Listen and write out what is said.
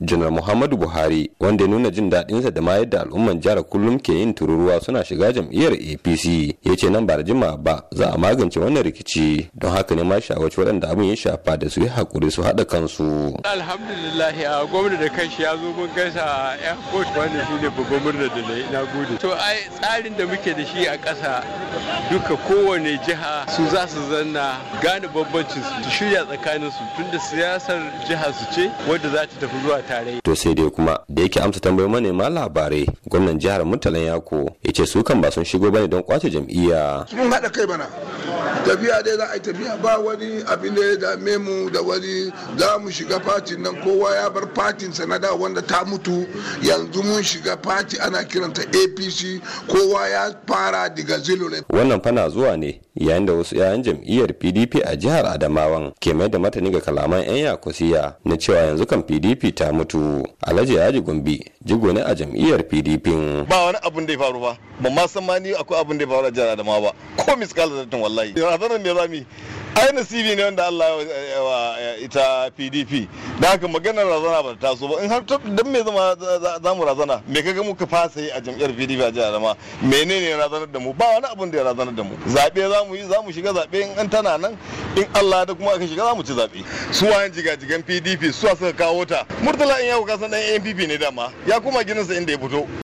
janar muhammadu buhari wanda ya nuna jin daɗinsa da ma yadda al'umman jihar kullum ke yin tururuwa suna shiga jam'iyyar apc ya ce nan ba da jima ba za a magance wannan rikici don haka ne ma shawarci waɗanda abin ya shafa da su yi haƙuri su haɗa kansu alhamdulillah a gwamna da kanshi ya zo mun gaisa a airport wanda shi ne babban murna da na gode to ai tsarin da muke da shi a ƙasa duka kowane jiha su za su zanna gane bambancin su shirya tsakanin su tunda siyasar jiha su ce wadda za ta tafi zuwa tarayya to sai dai kuma da yake amsa tambayoyin manema labarai gwamnan jihar murtalan yako ya ce su kan ba sun shigo bane don kwace jam'iyya mun haɗa kai bana tafiya dai za a yi tafiya ba wani abin da ya dame mu da wani za mu shiga fatin nan kowa ya bar fatin sa na da wanda ta mutu yanzu mun shiga fati ana kiranta apc kowa ya fara diga zilo ne wannan fana zuwa ne yayin da wasu yayan jam'iyyar pdp a jihar adamawan ke mai da martani ga kalaman yan yakusiya na cewa yanzu kan pdp ta mutu alhaji yaji gombe jigo ne a jam'iyyar pdp ba wani abin da ya faru ba ban ma san ma ni akwai abin da ya faru a jihar adama ba ko miskala zartin wallahi razanar ne rami ai nasibi ne wanda Allah ya ita PDP da haka maganar razana ba ta taso ba in har dan me zama za mu razana me kaga muka fasa yi a jam'iyyar PDP a jihar Adama menene razanar da mu ba wani abun da ya razanar da mu zabe za mu yi za mu shiga zabe in an tana nan in Allah da kuma aka shiga za mu ci zaɓe su wayan jigajigan PDP su suka kawo ta Murtala in yau kasan dan NPP ne dama ya kuma ginin sa inda ya fito